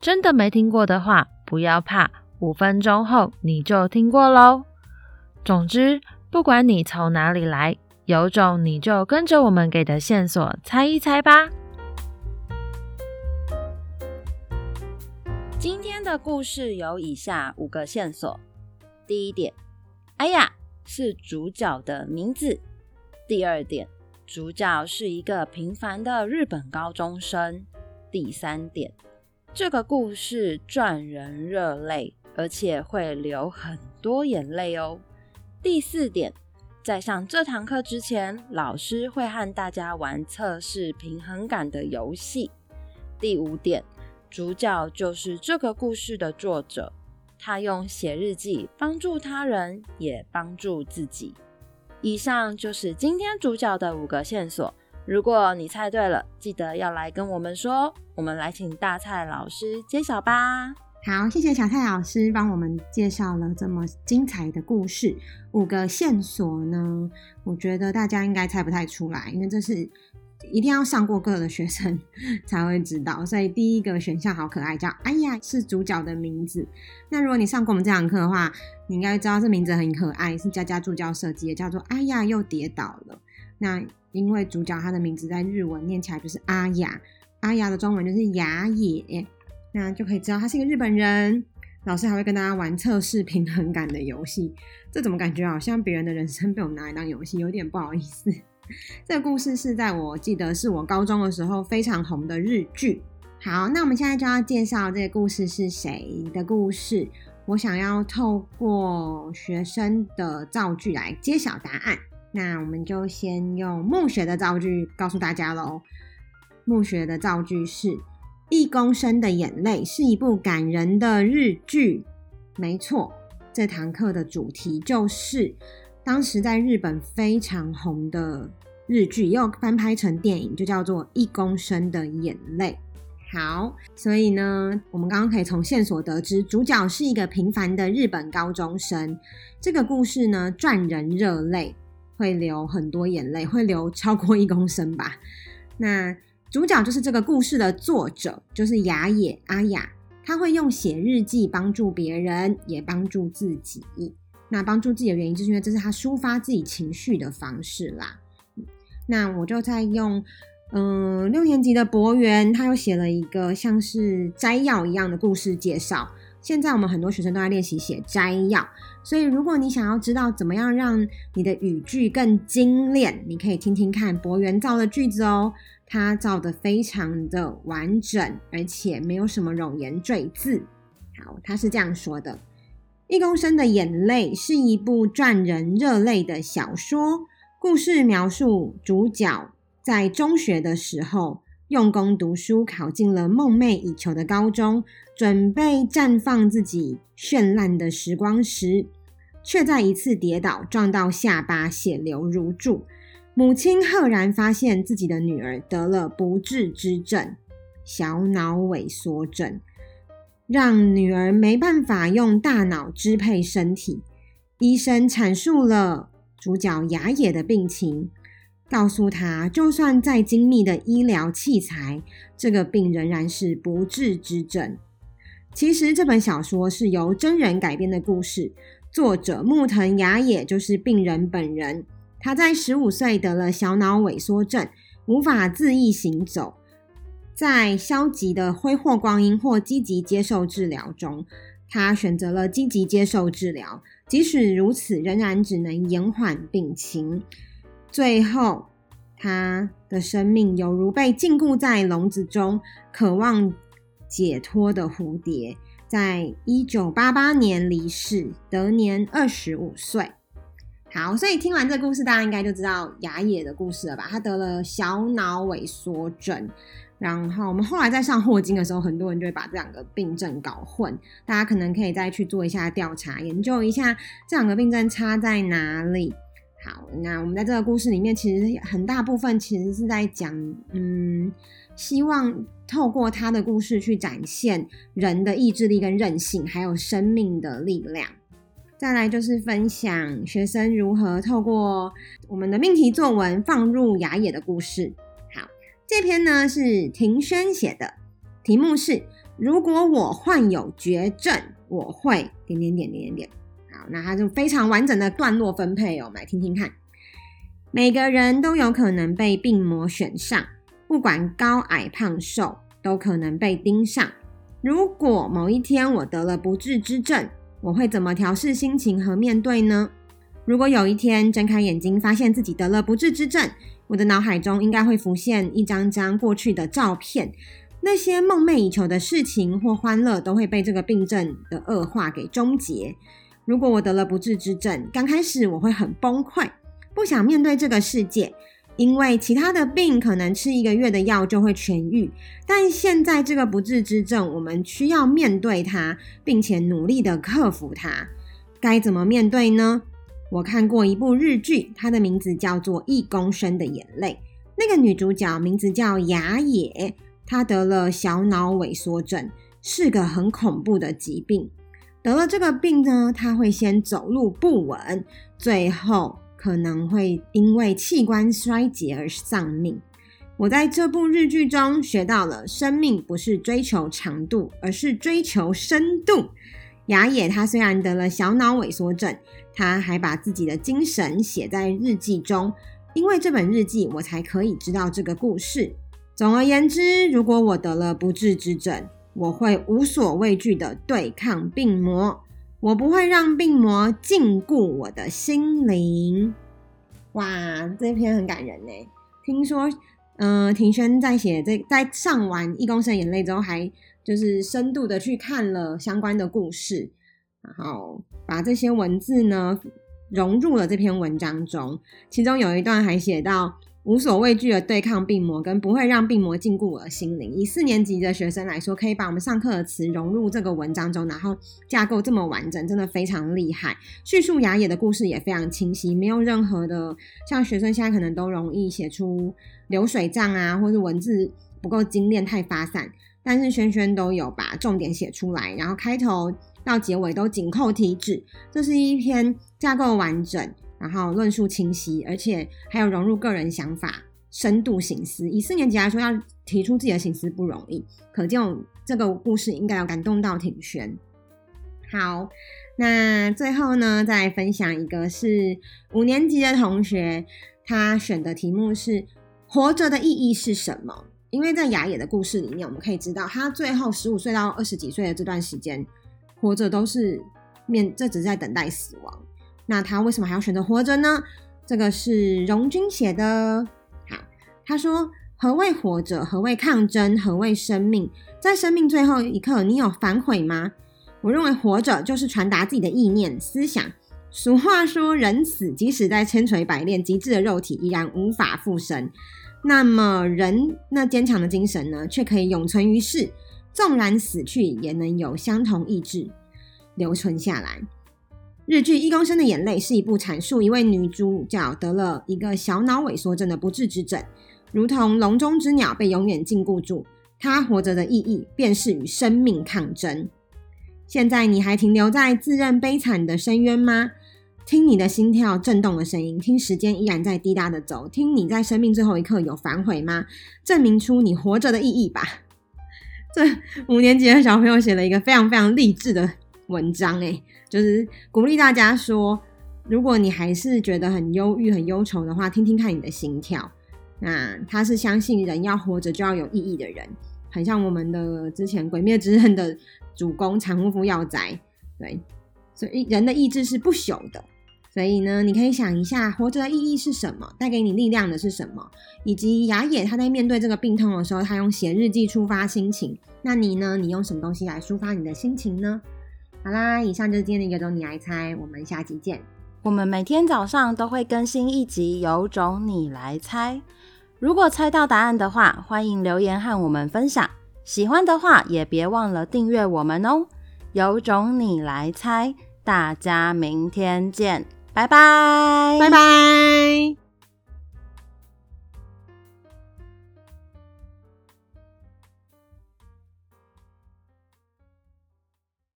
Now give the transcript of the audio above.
真的沒聽過的話，不要怕，五分鐘後你就聽過嘍。總之，不管你從哪裡來，有種你就跟着我們給的線索猜一猜吧。今天的故事有以下五個線索：第一點，哎呀，是主角的名字；第二點，主角是一個平凡的日本高中生；第三點。這個故事賺人熱淚，而且會流很多眼淚哦。第四點，在上這堂課之前，老師會和大家玩測試平衡感的遊戲。第五點，主角就是這個故事的作者，他用寫日記幫助他人，也幫助自己。以上就是今天主角的五個線索。如果你猜對了，記得要來跟我們說。我們來請大蔡老師揭曉吧。好，謝謝小蔡老師幫我們介紹了這麼精彩的故事。五個線索呢，我覺得大家應該猜不太出來，因為這是一定要上過課的學生才會知道。所以第一個選項好可愛，叫“哎呀”，是主角的名字。那如果你上過我們這堂課的話，你應該知道這名字很可愛，是佳佳助教設計的，叫做“哎呀”，又跌倒了。那因為主角他的名字在日文念起來就是阿雅，阿雅的中文就是亞也，那就可以知道他是一個日本人。老師還會跟大家玩測試平衡感的遊戲，這怎麼感覺好像別人的人生被我們拿來當遊戲，有點不好意思。這個故事是在我記得是我高中的時候非常紅的日劇。好，那我們現在就要介紹這個故事是誰的故事，我想要透過學生的造句來揭曉答案。那我們就先用墓穴的造句告訴大家嘍。墓穴的造句是：一公升的眼淚是一部感人的日劇。沒錯，這堂課的主題就是當時在日本非常紅的日劇，又翻拍成電影，就叫做《一公升的眼淚》。好，所以呢，我們剛剛可以從線索得知，主角是一個平凡的日本高中生。這個故事呢，賺人熱淚。會流很多眼淚，會流超過一公升吧。那主角就是這個故事的作者，就是亞也阿雅，他會用寫日記幫助別人，也幫助自己。那幫助自己的原因就是因為這是他抒發自己情緒的方式啦。那我就在用，嗯、呃，六年級的博園他又寫了一個像是摘要一樣的故事介紹。現在我們很多學生都在練習寫摘要，所以如果你想要知道怎麼樣讓你的語句更精煉，你可以聽聽看博元造的句子哦，他造得非常的完整，而且沒有什麼冗言贅字。好，他是這樣說的：一公升的眼淚是一部賺人熱淚的小說，故事描述主角在中學的時候。用功讀書，考進了夢寐以求的高中，準備綻放自己絢爛的時光時，卻在一次跌倒撞到下巴，血流如注。母親赫然發現自己的女兒得了不治之症——小腦萎縮症，讓女兒沒辦法用大腦支配身體。醫生闡述了主角亞也的病情。告訴他，就算再精密的醫療器材，這個病仍然是不治之症。其實這本小說是由真人改編的故事，作者木藤亞也就是病人本人。他在十五歲得了小腦萎縮症，無法自意行走。在消極的揮霍光陰或積極接受治療中，他選擇了積極接受治療。即使如此，仍然只能延緩病情。最後，他的生命猶如被禁錮在籠子中、渴望解脫的蝴蝶，在一九八八年離世，得年二十五歲。好，所以聽完這故事，大家應該就知道亞也的故事了吧？他得了小腦萎縮症，然後我們後來在上霍金的時候，很多人就會把這兩個病症搞混。大家可能可以再去做一下調查，研究一下這兩個病症差在哪裡。好，那我們在這個故事裡面，其實很大部分其實是在講，嗯，希望透過他的故事去展現人的意志力跟韌性，還有生命的力量。再來就是分享學生如何透過我們的命題作文放入亞也的故事。好，這篇呢是庭軒寫的，題目是：如果我患有絕症，我會點點點點點點。好，那它就非常完整的段落分配哦，我們來聽聽看。每個人都有可能被病魔選上，不管高矮胖瘦，都可能被盯上。如果某一天我得了不治之症，我會怎麼調試心情和面對呢？如果有一天睜開眼睛發現自己得了不治之症，我的腦海中應該會浮現一張張過去的照片，那些夢寐以求的事情或歡樂都會被這個病症的惡化給終結。如果我得了不治之症，剛開始我會很崩潰，不想面對這個世界，因為其他的病可能吃一個月的藥就會痊癒，但現在這個不治之症，我們需要面對它，並且努力的克服它。該怎麼面對呢？我看過一部日劇，它的名字叫做《一公升的眼淚》，那個女主角名字叫亞也，她得了小腦萎縮症，是個很恐怖的疾病。得了這個病呢，他會先走路不穩，最後可能會因為器官衰竭而喪命。我在這部日劇中學到了，生命不是追求長度，而是追求深度。亞也他雖然得了小腦萎縮症，他還把自己的精神寫在日記中，因為這本日記，我才可以知道這個故事。總而言之，如果我得了不治之症。我會無所畏懼的對抗病魔，我不會讓病魔禁錮我的心靈。哇，這篇很感人呢。聽說，嗯、呃，庭軒在寫這，在上完《一公升眼淚》之後，還就是深度的去看了相關的故事，然後把這些文字呢融入了這篇文章中。其中有一段還寫到。無所畏懼的對抗病魔，跟不會讓病魔禁錮我的心靈。以四年級的學生來說，可以把我們上課的詞融入這個文章中，然後架構這麼完整，真的非常厲害。敘述亞也的故事也非常清晰，沒有任何的像學生現在可能都容易寫出流水賬啊，或是文字不夠精煉、太發散。但是萱萱都有把重點寫出來，然後開頭到結尾都緊扣題旨，這是一篇架構完整。然後論述清晰，而且還有融入個人想法、深度省思。以四年級來說，要提出自己的省思不容易，可見這個故事應該有感動到庭萱。好，那最後呢，再分享一個是五年級的同學，他選的題目是“活着的意義是什麼”。因為在亞也的故事裡面，我們可以知道，他最後十五歲到二十幾歲的這段時間，活着都是面，這只是在等待死亡。那他為什麼還要選擇活着呢？這個是榮軍寫的。好，他說：“何謂活着？何謂抗爭？何謂生命？在生命最後一刻，你有反悔嗎？”我認為活着就是傳達自己的意念、思想。俗話說：“人死，即使在千錘百煉極致的肉體，依然無法復生。那麼，人那堅強的精神呢，卻可以永存於世。縱然死去，也能有相同意志留存下來。”日劇《一公升的眼淚》是一部闡述一位女主角得了一個小腦萎縮症的不治之症，如同籠中之鳥被永遠禁錮住。她活着的意義，便是與生命抗爭。現在你還停留在自認悲慘的深淵嗎？聽你的心跳震動的聲音，聽時間依然在滴答的走，聽你在生命最後一刻有反悔嗎？證明出你活着的意義吧。這五年級的小朋友寫了一個非常非常勵志的。文章誒、欸、就是鼓勵大家說，如果你還是覺得很憂鬱、很憂愁的話，聽聽看你的心跳。那他是相信人要活着就要有意義的人，很像我們的之前鬼滅之的《鬼滅之刃》的主公產屋敷耀哉。對，所以人的意志是不朽的。所以呢，你可以想一下，活着的意義是什麼？帶給你力量的是什麼？以及雅野他在面對這個病痛的時候，他用寫日記抒發心情。那你呢？你用什麼東西來抒發你的心情呢？好啦，以上就是今天的《有種你來猜》，我們下集見。我們每天早上都會更新一集《有種你來猜》，如果猜到答案的話，歡迎留言和我們分享。喜歡的話也別忘了訂閱我們哦、喔。有種你來猜，大家明天見，拜拜，拜拜。